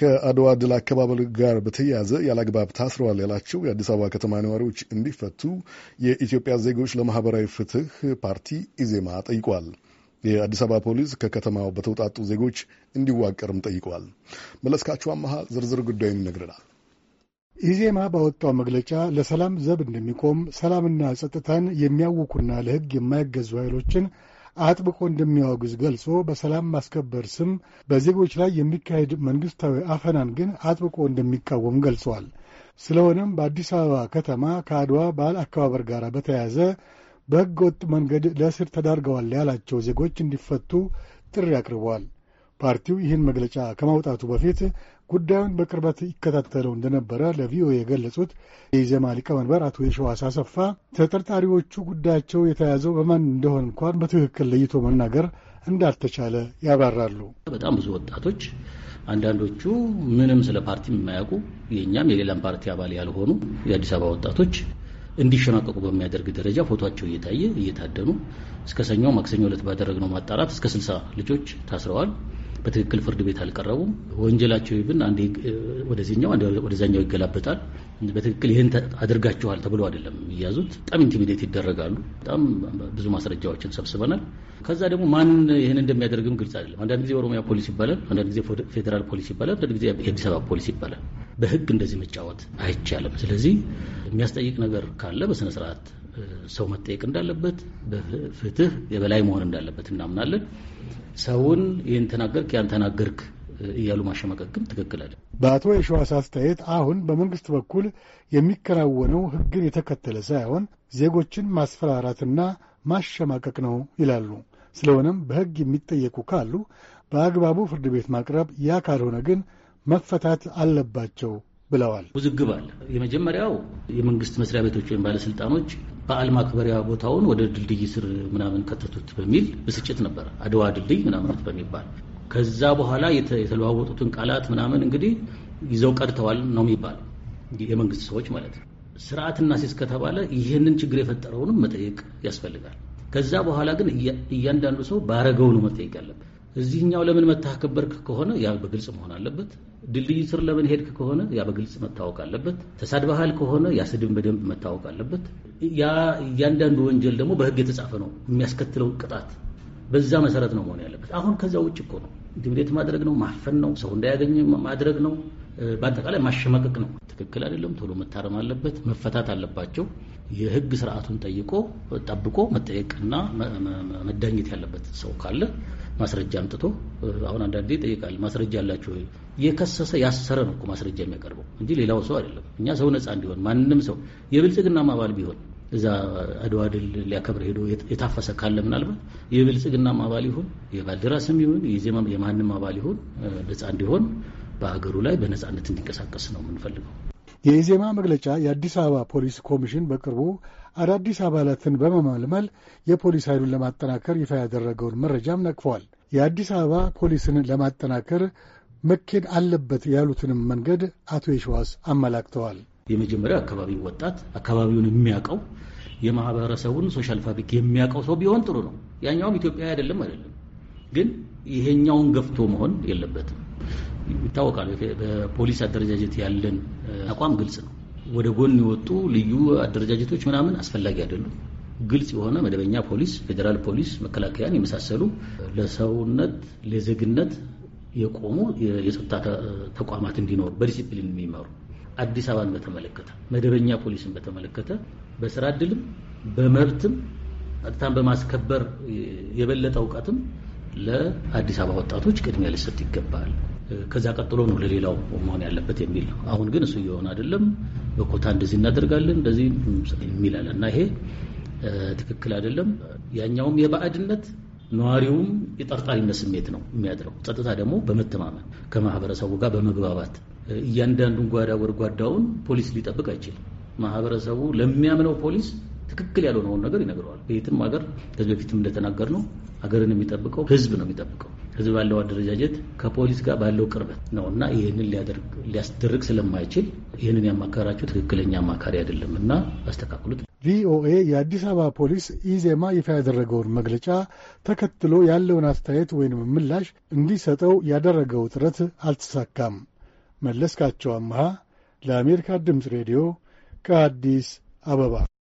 ከአድዋ ድል አከባበር ጋር በተያያዘ ያለአግባብ ታስረዋል ያላቸው የአዲስ አበባ ከተማ ነዋሪዎች እንዲፈቱ የኢትዮጵያ ዜጎች ለማህበራዊ ፍትህ ፓርቲ ኢዜማ ጠይቋል። የአዲስ አበባ ፖሊስ ከከተማው በተውጣጡ ዜጎች እንዲዋቀርም ጠይቋል። መለስካቸው አመሃ ዝርዝር ጉዳዩን ይነግረናል። ኢዜማ ባወጣው መግለጫ ለሰላም ዘብ እንደሚቆም ሰላምና ጸጥታን የሚያውኩና ለሕግ የማያገዙ ኃይሎችን አጥብቆ እንደሚያወግዝ ገልጾ በሰላም ማስከበር ስም በዜጎች ላይ የሚካሄድ መንግሥታዊ አፈናን ግን አጥብቆ እንደሚቃወም ገልጿል። ስለሆነም በአዲስ አበባ ከተማ ከአድዋ በዓል አከባበር ጋር በተያያዘ በሕገ ወጥ መንገድ ለእስር ተዳርገዋል ያላቸው ዜጎች እንዲፈቱ ጥሪ አቅርቧል። ፓርቲው ይህን መግለጫ ከማውጣቱ በፊት ጉዳዩን በቅርበት ይከታተለው እንደነበረ ለቪኦኤ የገለጹት የኢዜማ ሊቀመንበር አቶ የሸዋስ አሰፋ ተጠርጣሪዎቹ ጉዳያቸው የተያዘው በማን እንደሆነ እንኳን በትክክል ለይቶ መናገር እንዳልተቻለ ያብራራሉ። በጣም ብዙ ወጣቶች አንዳንዶቹ ምንም ስለ ፓርቲ የማያውቁ የእኛም የሌላም ፓርቲ አባል ያልሆኑ የአዲስ አበባ ወጣቶች እንዲሸናቀቁ በሚያደርግ ደረጃ ፎቶቸው እየታየ እየታደኑ እስከ ሰኞ ማክሰኞ ዕለት ባደረግነው ማጣራት እስከ ስልሳ ልጆች ታስረዋል። በትክክል ፍርድ ቤት አልቀረቡም። ወንጀላቸው ይብን አንድ ወደዚህኛው አንድ ወደዛኛው ይገላበጣል። በትክክል ይህን አድርጋችኋል ተብሎ አይደለም የሚያዙት። በጣም ኢንቲሚዴት ይደረጋሉ። በጣም ብዙ ማስረጃዎችን ሰብስበናል። ከዛ ደግሞ ማን ይህን እንደሚያደርግም ግልጽ አይደለም። አንዳንድ ጊዜ ኦሮሚያ ፖሊስ ይባላል፣ አንዳንድ ጊዜ ፌዴራል ፖሊስ ይባላል፣ አንዳንድ ጊዜ የአዲስ አበባ ፖሊስ ይባላል። በህግ እንደዚህ መጫወት አይቻልም። ስለዚህ የሚያስጠይቅ ነገር ካለ በስነስርዓት ሰው መጠየቅ እንዳለበት በፍትህ የበላይ መሆን እንዳለበት እናምናለን። ሰውን ይህን ተናገርክ ያን ተናገርክ እያሉ ግን ትክክል አለ። በአቶ የሸዋስ አስተያየት አሁን በመንግስት በኩል የሚከናወነው ህግን የተከተለ ሳይሆን ዜጎችን ማስፈራራትና ማሸማቀቅ ነው ይላሉ። ስለሆነም በህግ የሚጠየቁ ካሉ በአግባቡ ፍርድ ቤት ማቅረብ፣ ያ ካልሆነ ግን መፈታት አለባቸው ብለዋል። ውዝግብ አለ። የመጀመሪያው የመንግስት መስሪያ ቤቶች ወይም ባለስልጣኖች በዓል ማክበሪያ ቦታውን ወደ ድልድይ ስር ምናምን ከተቱት በሚል ብስጭት ነበረ። አድዋ ድልድይ ምናምን በሚባል ከዛ በኋላ የተለዋወጡትን ቃላት ምናምን እንግዲህ ይዘው ቀድተዋል ነው የሚባል የመንግስት ሰዎች ማለት ነው። ስርዓትና ሴስ ከተባለ ይህንን ችግር የፈጠረውንም መጠየቅ ያስፈልጋል። ከዛ በኋላ ግን እያንዳንዱ ሰው ባረገው ነው መጠየቅ ያለበት። እዚህኛው ለምን መታህ ከበርክ ከሆነ ያ በግልጽ መሆን አለበት። ድልድይ ስር ለምን ሄድክ ከሆነ ያ በግልጽ መታወቅ አለበት። ተሳድበሃል ከሆነ ያ ስድብ በደንብ መታወቅ አለበት። ያ እያንዳንዱ ወንጀል ደግሞ በህግ የተጻፈ ነው የሚያስከትለው ቅጣት በዛ መሰረት ነው መሆን ያለበት። አሁን ከዛ ውጭ እኮ ነው ኢንቲሚዴት ማድረግ ነው፣ ማፈን ነው፣ ሰው እንዳያገኝ ማድረግ ነው፣ በአጠቃላይ ማሸማቀቅ ነው። ትክክል አይደለም። ቶሎ መታረም አለበት። መፈታት አለባቸው። የህግ ስርዓቱን ጠይቆ ጠብቆ መጠየቅና መዳኘት ያለበት ሰው ካለ ማስረጃ አምጥቶ አሁን አንዳንዴ ይጠይቃል፣ ማስረጃ አላችሁ ወይ? የከሰሰ ያሰረ ነው እኮ ማስረጃ የሚያቀርበው እንጂ ሌላው ሰው አይደለም። እኛ ሰው ነፃ እንዲሆን ማንም ሰው የብልጽግና አባል ቢሆን እዛ አድዋ ድል ሊያከብር ሄዶ የታፈሰ ካለ ምናልባት የብልጽግና አባል ይሁን የባልደራስም ይሁን የዜማ የማንም አባል ይሁን ነፃ እንዲሆን በሀገሩ ላይ በነፃነት እንዲንቀሳቀስ ነው የምንፈልገው። የኢዜማ መግለጫ የአዲስ አበባ ፖሊስ ኮሚሽን በቅርቡ አዳዲስ አባላትን በመመልመል የፖሊስ ኃይሉን ለማጠናከር ይፋ ያደረገውን መረጃም ነቅፈዋል። የአዲስ አበባ ፖሊስን ለማጠናከር መኬድ አለበት ያሉትንም መንገድ አቶ የሸዋስ አመላክተዋል። የመጀመሪያው አካባቢው ወጣት አካባቢውን የሚያውቀው የማህበረሰቡን ሶሻል ፋብሪክ የሚያውቀው ሰው ቢሆን ጥሩ ነው። ያኛውም ኢትዮጵያ አይደለም አይደለም፣ ግን ይሄኛውን ገፍቶ መሆን የለበትም። ይታወቃል። በፖሊስ አደረጃጀት ያለን አቋም ግልጽ ነው። ወደ ጎን የወጡ ልዩ አደረጃጀቶች ምናምን አስፈላጊ አይደሉም። ግልጽ የሆነ መደበኛ ፖሊስ፣ ፌዴራል ፖሊስ፣ መከላከያን የመሳሰሉ ለሰውነት ለዜግነት የቆሙ የጸጥታ ተቋማት እንዲኖሩ በዲሲፕሊን የሚመሩ አዲስ አበባን በተመለከተ መደበኛ ፖሊስን በተመለከተ በስራ እድልም በመብትም ጸጥታን በማስከበር የበለጠ እውቀትም ለአዲስ አበባ ወጣቶች ቅድሚያ ሊሰጥ ይገባል። ከዛ ቀጥሎ ነው ለሌላው መሆን ያለበት የሚል ነው። አሁን ግን እሱ እየሆነ አይደለም። በኮታ እንደዚህ እናደርጋለን እንደዚህ የሚላል እና ይሄ ትክክል አይደለም። ያኛውም የባዕድነት ነዋሪውም የጠርጣሪነት ስሜት ነው የሚያድረው። ጸጥታ ደግሞ በመተማመን ከማህበረሰቡ ጋር በመግባባት እያንዳንዱን ጓዳ ወርጓዳውን ፖሊስ ሊጠብቅ አይችልም። ማህበረሰቡ ለሚያምነው ፖሊስ ትክክል ያልሆነውን ነገር ይነግረዋል። በየትም ሀገር ከዚህ በፊትም እንደተናገር ነው ሀገርን የሚጠብቀው ህዝብ ነው የሚጠብቀው ህዝብ ባለው አደረጃጀት ከፖሊስ ጋር ባለው ቅርበት ነው እና ይህንን ሊያስደርግ ስለማይችል ይህንን ያማከራችሁ ትክክለኛ አማካሪ አይደለም እና አስተካክሉት። ቪኦኤ የአዲስ አበባ ፖሊስ ኢዜማ ይፋ ያደረገውን መግለጫ ተከትሎ ያለውን አስተያየት ወይንም ምላሽ እንዲሰጠው ያደረገው ጥረት አልተሳካም። መለስካቸው አምሃ ለአሜሪካ ድምፅ ሬዲዮ ከአዲስ አበባ